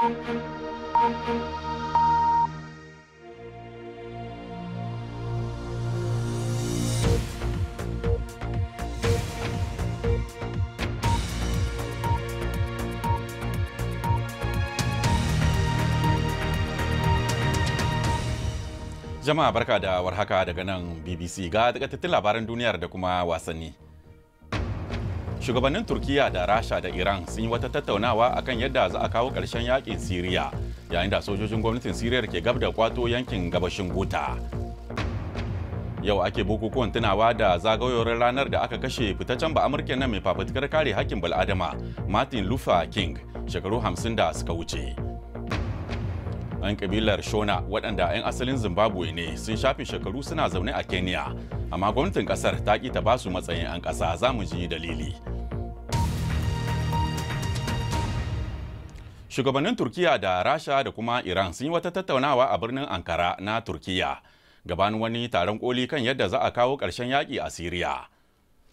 Jama'a barka da warhaka daga nan BBC ga takaitattun labaran duniyar da kuma wasanni. shugabannin turkiya da rasha da iran sun yi wata tattaunawa akan yadda za a kawo karshen yakin siriya yayin da sojojin gwamnatin siriyar ke gab da kwato yankin gabashin guta yau ake bukukuwan tunawa da zagayowar ranar da aka kashe fitaccen ba amurka nan mai fafutukar kare hakkin bal'adama martin luther king shekaru 50 da suka wuce yan kabilar shona waɗanda 'yan asalin zimbabwe ne sun shafe shekaru suna zaune a kenya amma gwamnatin kasar ta ki ta basu matsayin an kasa za mu ji dalili shugabannin turkiya da rasha da kuma iran sun yi wata tattaunawa a birnin ankara na turkiya gabanin wani taron koli kan yadda za a kawo ƙarshen yaƙi a siriya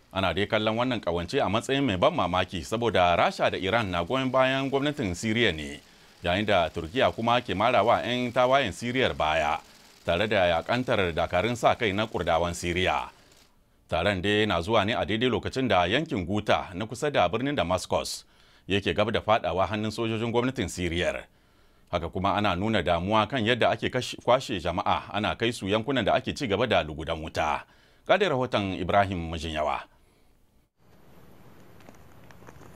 ana dai kallon wannan kawance a matsayin mai ban mamaki saboda rasha da iran na goyon bayan gwamnatin siriya ne yayin da turkiya kuma ke marawa 'yan tawayen siriyar baya tare da yakantar dakarun sa kai na kurdawan siriya taron dai na zuwa ne a daidai lokacin da yankin guta na kusa da birnin damascus yake gab da fadawa hannun sojojin gwamnatin siriyar haka kuma ana nuna damuwa kan yadda ake kwashe jama'a ana kai su yankunan da ake ci gaba da lugudan wuta kada rahoton ibrahim mijinyawa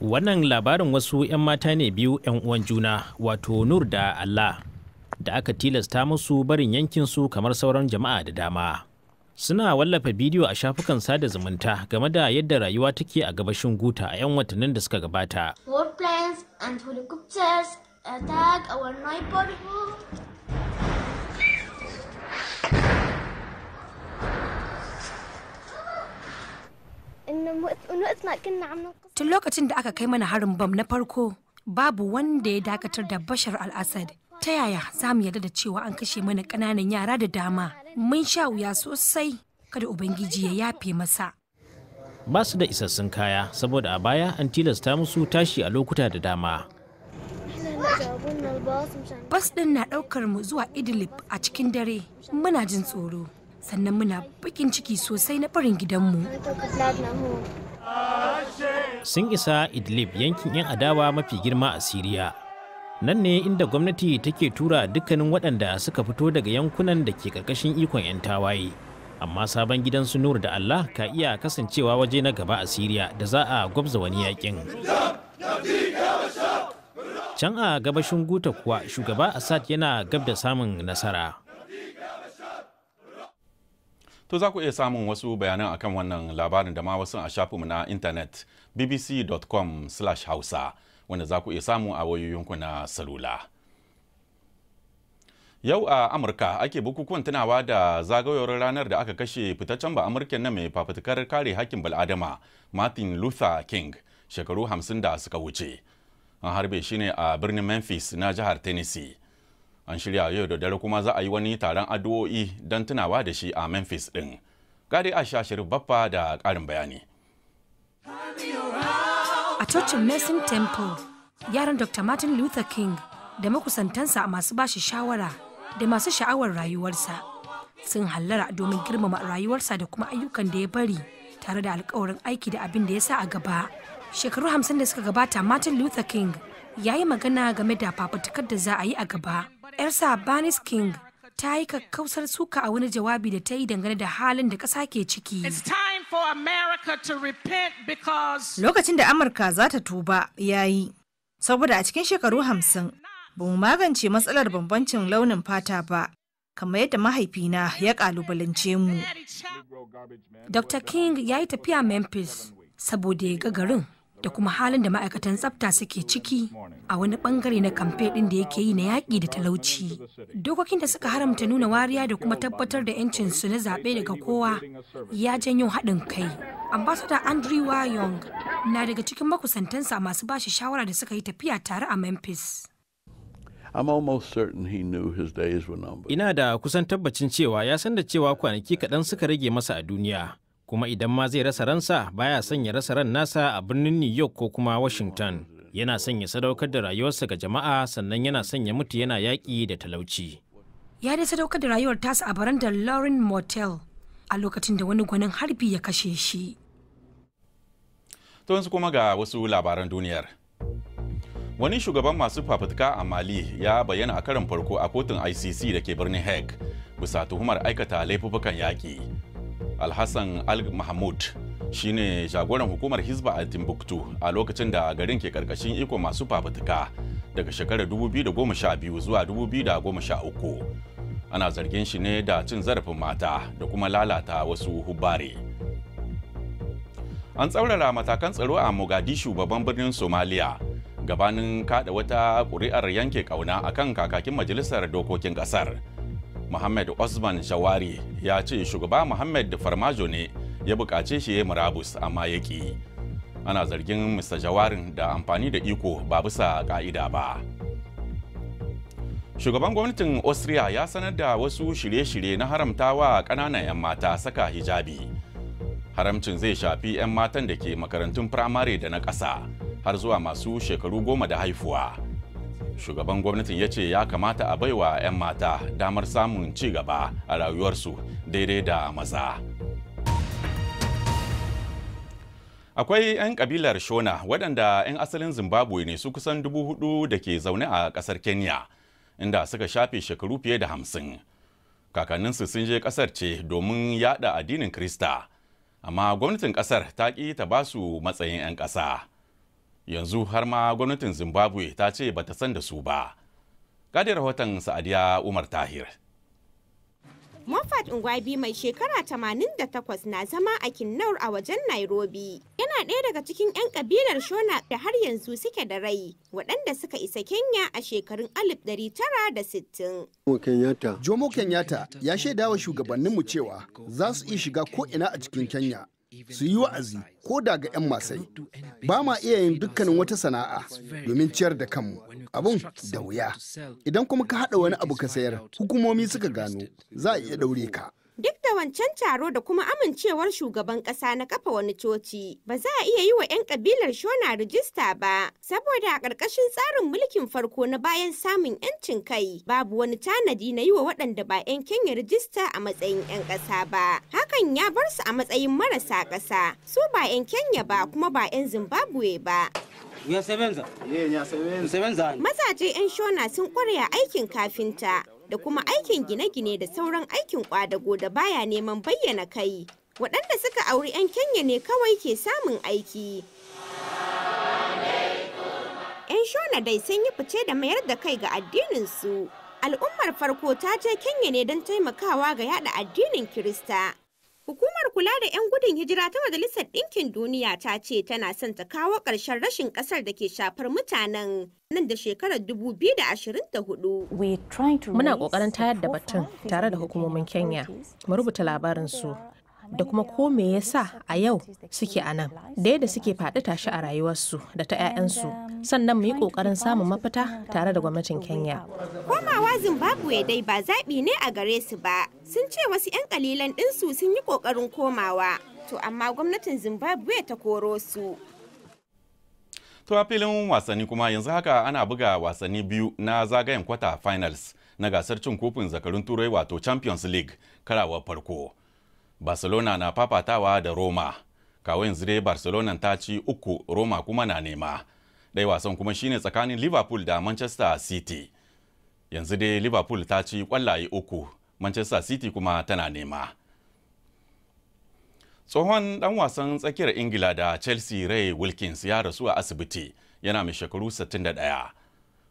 wannan labarin wasu 'yan mata ne biyu 'yan uwan juna wato nur da allah da aka tilasta musu barin yankinsu kamar sauran jama'a da dama. Suna wallafa bidiyo a shafukan sada zumunta game da yadda rayuwa take a gabashin Guta a 'yan watannin da suka gabata. Tun lokacin da aka kai mana harin bam na farko, babu wanda ya dakatar da Bashar al-Assad. ta yaya za mu yarda da cewa an kashe mana ƙananan yara da dama mun sha wuya sosai kada ubangiji ya yafe masa ba su da isassun kaya saboda a baya an tilasta musu tashi a lokuta da dama bas din na daukar mu zuwa idlib a cikin dare muna jin tsoro sannan muna bakin ciki sosai na barin mu. sun isa idlib yankin 'yan adawa mafi girma a siriya nan ne inda gwamnati take tura dukkanin waɗanda suka fito daga yankunan da ke ƙarƙashin ikon 'yan tawaye amma sabon gidan su nur da allah ka iya kasancewa waje na gaba a siriya da za a gwabza wani yakin can a gabashin guta kuwa shugaba assad yana gab da samun nasara To za ku iya samun wasu bayanan akan wannan labarin da ma wasu a shafinmu na intanet bbc.com/hausa. wanda za ku iya samu a wayoyinku na salula. Yau a Amurka ake bukukuwan tunawa da zagayowar ranar da aka kashe fitaccen ba Amurka na mai fafutukar kare hakkin bal'adama Martin Luther King shekaru hamsin da suka wuce. An harbe shi ne a birnin Memphis na jihar Tennessee. An shirya yau da dare kuma za a yi wani taron addu'o'i don tunawa da shi a Memphis din Gari a shashirin baffa da ƙarin bayani. a cocin nursing Temple, yaran Dr. Martin Luther King da makusantansa a masu bashi shawara da masu sha'awar rayuwarsa sun hallara domin girmama rayuwarsa da kuma ayyukan da ya bari tare da alkawarin aiki da abin da ya sa a gaba. Shekaru hamsin da suka gabata Martin Luther King ya yi magana game da fafutukar da za a yi a gaba. ‘Yarsa Bernice King ta yi kakkausar suka a wani jawabi da ta yi dangane da halin da ƙasa ke ciki. Lokacin da Amurka za ta tuba ya yi, saboda a cikin shekaru hamsin ba mu magance matsalar bambancin launin fata ba, kamar yadda mahaifina ya kalubalance mu. Dr. King ya yi tafiya Memphis saboda ya ga garin. da kuma halin da ma'aikatan tsafta suke ciki a wani bangare na kamfe ɗin da yake yi na yaƙi da talauci. Dokokin da suka haramta nuna wariya da kuma tabbatar da yancin su na zaɓe daga kowa ya janyo haɗin kai. Ambassador Andrew Wayong na daga cikin makusantansa masu bashi shawara da suka yi tafiya tare a Memphis. Ina da kusan tabbacin cewa ya san da cewa kwanaki kaɗan suka rage masa a duniya. kuma idan ma zai rasa ransa baya son ya rasa ran nasa a birnin New York ko kuma Washington. Yana sanya sadaukar da rayuwarsa ga jama'a sannan yana sanya mutu yana yaƙi da talauci. Ya dai sadaukar da rayuwar tasa a barandar Lauren Motel a lokacin da wani gwanin harbi ya kashe shi. To kuma ga wasu labaran duniyar. Wani shugaban masu fafutuka a Mali ya bayyana a karin farko a kotun ICC da ke birnin Hague bisa tuhumar aikata laifukan yaƙi. alhassan al mahmud shine jagoran hukumar hizba a timbuktu a lokacin da garin ke karkashin iko masu fafutuka daga shekarar 2012 zuwa 2013 ana zargin shi ne da cin zarafin mata da kuma lalata wasu hubare an tsaurara matakan tsaro a mogadishu babban birnin somaliya gabanin kada wata ƙuri'ar yanke kauna akan kakakin majalisar dokokin ƙasar Muhammad Osman Shawari ya ce shugaba Muhammad Farmajo ne ya buƙace shi ya yi murabus amma ya ƙi. Ana zargin Mr. Jawarin da amfani da iko ba bisa ƙa'ida ba. Shugaban gwamnatin Austria ya sanar da wasu shirye-shirye na haramta wa ƙananan 'yan mata saka hijabi. Haramcin zai shafi 'yan matan da ke makarantun firamare da na ƙasa har zuwa masu shekaru goma da haifuwa. shugaban gwamnatin ya ce ya kamata a baiwa 'yan mata damar samun ci gaba a rayuwarsu daidai da maza akwai 'yan kabilar shona waɗanda 'yan asalin zimbabwe ne su kusan dubu hudu da ke zaune a ƙasar kenya inda suka shafe shekaru fiye da hamsin kakanninsu sun je ƙasar ce domin yada addinin krista amma gwamnatin ƙasar ta ƙi ta ba su matsayin 'yan ƙasa yanzu har ma gwamnatin zimbabwe ta ce bata san da su ba gadi rahoton sa'adiya umar tahir Mofat Ngwabi mai shekara 88 na zama a Kinnaur a wajen Nairobi. Yana ɗaya daga cikin 'yan kabilar Shona da har yanzu suke da rai, waɗanda suka isa Kenya a shekarun 1960. Jomo Kenyatta ya shaidawa shugabanninmu cewa za su iya shiga ko'ina a cikin Kenya. su yi wa'azi ko da ga 'yan masai ba ma iya yin dukkanin wata sana'a domin ciyar da kanmu abun da wuya idan kuma ka haɗa wani abu ka sayar hukumomi suka gano za a iya ɗaure ka Duk da wancan taro da kuma amincewar shugaban ƙasa na kafa wani coci, ba za a iya yi wa 'yan kabilar Shona rijista ba, saboda a ƙarƙashin tsarin mulkin farko na bayan samun 'yancin kai, babu wani tanadi na yi wa waɗanda ba 'yan Kenya rijista a matsayin 'yan ƙasa ba. Hakan ya bar su a matsayin marasa ƙasa, su ba 'yan Kenya ba kuma ba 'yan Zimbabwe ba. Mazaje 'yan Shona sun ƙware aikin kafinta, da kuma aikin gine-gine da sauran aikin kwadago da baya neman bayyana kai waɗanda suka auri 'yan kenya ne kawai ke samun aiki 'yan shona dai sun yi fice da mayar da kai ga addininsu al'ummar farko ta je kenya ne don taimakawa ga yada addinin kirista Hukumar kula da 'yan gudun hijira ta Majalisar Ɗinkin Duniya ta ce tana son ta kawo ƙarshen rashin ƙasar da ke shafar mutanen nan da shekarar 2024. Muna ƙoƙarin tayar da batun tare da hukumomin Kenya. Mu rubuta labarin su da kuma ko me yasa a yau suke a nan da yadda suke faɗi tashi a rayuwarsu da ta 'ya'yansu sannan mu yi ƙoƙarin samun mafita tare da gwamnatin kenya komawa zimbabwe dai ba zaɓi ne a gare su ba sun ce wasu 'yan ƙalilan ɗinsu sun yi ƙoƙarin komawa to amma gwamnatin zimbabwe ta koro su To a filin wasanni kuma yanzu haka ana buga wasanni biyu na zagayen kwata finals na gasar cin kofin zakarun turai wato Champions League karawar farko. barcelona na fafatawa da roma kawo yanzu dai barcelona ta ci uku roma kuma na nema ɗaya wasan kuma shine tsakanin liverpool da manchester city yanzu dai liverpool ta ci kwallaye uku manchester city kuma tana nema tsohon dan wasan tsakiyar ingila da chelsea ray wilkins ya rasu a asibiti yana mai shekaru 61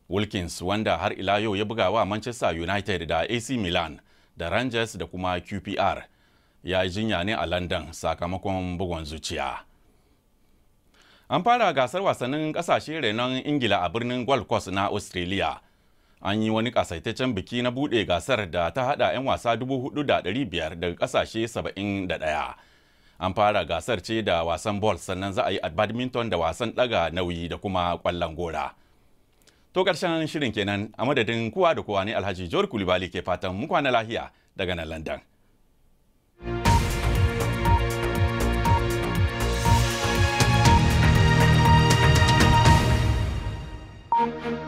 wilkins wanda har ila yau ya buga wa manchester united da ac milan da rangers da kuma qpr ya yi jinya ne a london sakamakon bugun zuciya an fara gasar wasannin kasashe renon ingila a birnin gold coast na australia an yi wani kasaitaccen biki na bude gasar da ta haɗa 'yan wasa 4,500 daga kasashe 71 an fara gasar ce da wasan ball sannan za a yi a badminton da wasan daga nauyi da kuma kwallon gora to karshen shirin kenan a madadin kowa da kowa ne alhaji jor kulibali ke fatan mu kwana lahiya daga nan london thank you